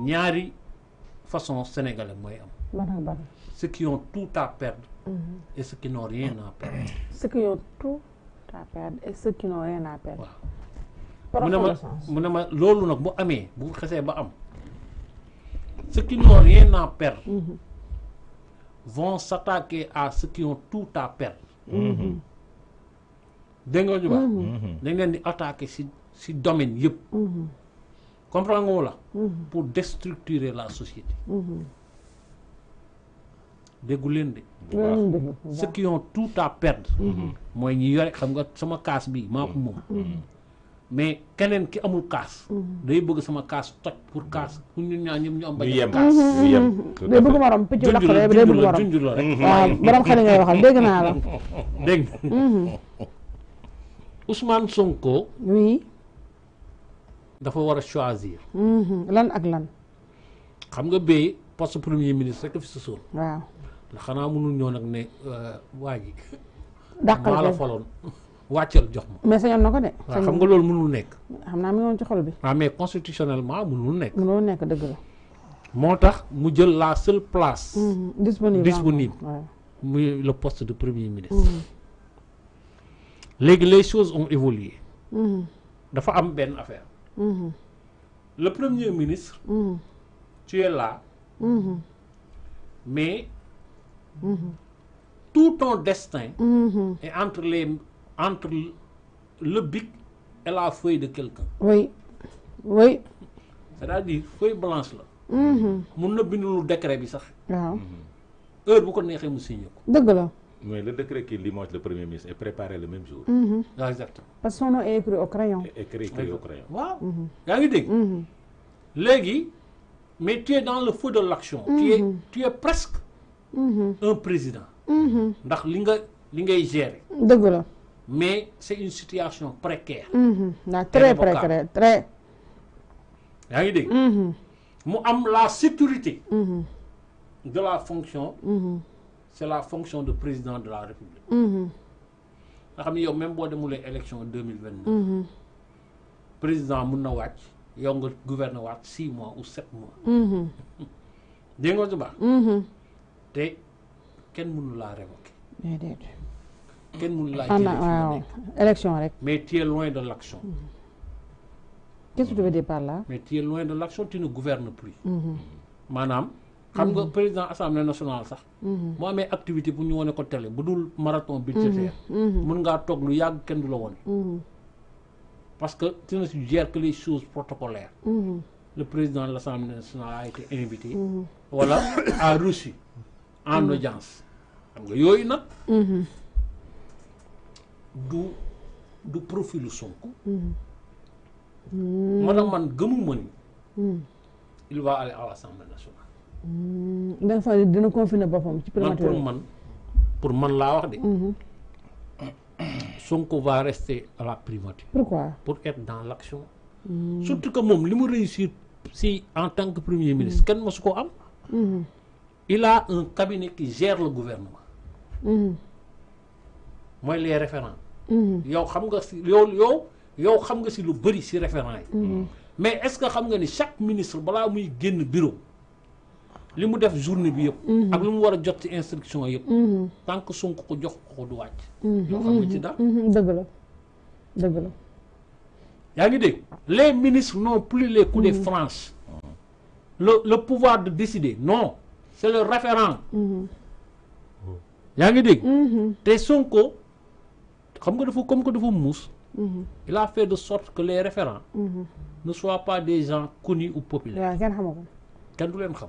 ñaari façon sénégalais moy am. ceux qui ont tout à perdre. Mhm. et ceux qui n'ont rien à perdre. ceux qui ont tout à perdre et ceux qui n'ont rien à perdre. waaw bu ceux qui n'ont rien à perdre. Mhm. vont s'attaquer à ceux qui ont tout à perdre. Mhm. dégg nga Ils vont di attaquer ci ci domaine comprends mm-hmm. pour déstructurer la société mm-hmm. ceux qui ont tout à perdre mm-hmm. moi ñi yore xam nga sama casse bi mako mais kenen ki amul casse day bëgg sama casse, toj pour casse pour ñu am day bëgg day bëgg waxal dégg la dégg Ousmane Sonko oui dafa war a choisir. Mhm. lan ak lan. xam nga bee poste premier ministre rek fi susoon. waaw ndax xanaa mënul ñoo nag ne euh, waa ji. dàqal maa la faloon wàccal jox ma. mais sañoon na ko de. waaw xam nga loolu mënul nekk. xam naa mi woon ci xol bi. waaw mais constitutionnellement mënul nekk. mënul nekk dëgg la. moo tax mu jël la seule place. Mhm. disponible disponible. muy le post de premier ministre. Mhm. léegi les choses ont évolué. dafa am benn affaire. Mm-hmm. Le Premier ministre, mm-hmm. tu es là, mm-hmm. mais tout ton destin est entre, les, entre le bic et la feuille de quelqu'un. Oui, oui. C'est-à-dire, feuille blanche là. Mon ne le décret, ça. Heure, vous connaissez, vous D'accord mais le décret qui limite le Premier ministre est préparé le même jour. Mhm. Ah, exactement. parce que son nom écrit au crayon. écrit au crayon. Waouh. Mhm. Vous ngi mhm. mais tu es dans le feu de l'action. tu es presque. un président. ndax li nga li mais c'est une situation précaire. très précaire très. ngi la sécurité. de la fonction c'est la fonction de président de la république mm-hmm. nga xam ne même boo demulee élection en Le mm-hmm. président mun il y a gouverner six mois ou 7 mois mm-hmm. dégg nga tu baax te kenn le révoqué révoquer élection mais tu es loin de l'action qu'est-ce que tu veux dire par là mais tu es loin de l'action tu ne gouvernes plus Madame, xam nga hmm. président assemblée nationale sax hmm. mu amee activité bu ñu wone ko télé bu dul marathon hmm. budgétaire mën ngaa toog lu yàgg kenn du la wone parce que tu ne gères que les choses protocolaires le président de l'assemblée nationale a été invité voilà reçu en audience xam nga yooyu du du profil Sonko mana man gëmuma ni il va aller à l'assemblée nationale Hmm, Ndeye Fall dina confiner boppam ci primature man pour man laa wax de. Mhm. Sonko va rester à la primature. pourquoi pour être dans l' action. Hmm. surtout que moom li mu réussir si en tant que premier ministre kenn mosu ko am. Mhm. il un cabinet qui gère le gouvernement. Mhm. mooy les référents. yow xam nga si yow yow yow xam nga si lu bëri si référents yi. mais est ce que xam nga ni chaque ministre balaa muy génn bureau. li mu def journée bi yëpp. Mhm. ak li mu war a jot ci instruction yëpp. Mhm. tant que Sonko ko jox ko du wàcc. Mhm. yoo xam ci daal. dëgg la dëgg la. yaa ngi dégg les ministres n'ont plus les coups de France. le le pouvoir de décider non c'est le référent. yaa ngi dégg. te Sonko xam nga dafa comme que dafa muus. il a fait de sorte que les référents. ne soient pas des gens connus ou populaires. kenn du leen xam.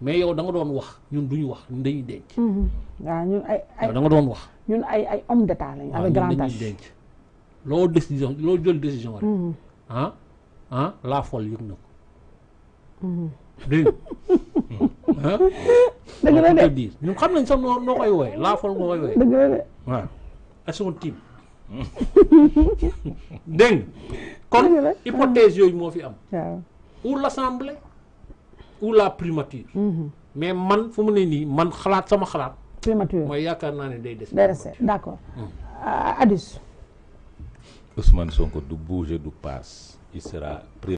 mais yow da doon wax ñun duñu wax ñun dañuy denc. Mhm. waaw ñun ay ay da doon wax. ñun ay ay homme d'état lañu. avec grand âge denc. loo décision loo jël décision rek. Mhm. ah ah la folle yëg na ko. Mhm. dégg nga. Ah? xam nañ sax noo la folle nga koy wooye. kon hypothèse yooyu moo fi am. waaw pour l'assemblée. ou la primature. Mhm. mais man fu mu ne nii man xalaat sama xalaat. primature mooy yaakaar naa ne day des. day des d' accord. Mm. Addis. Ah, Ousmane Sonko du bouger du paas il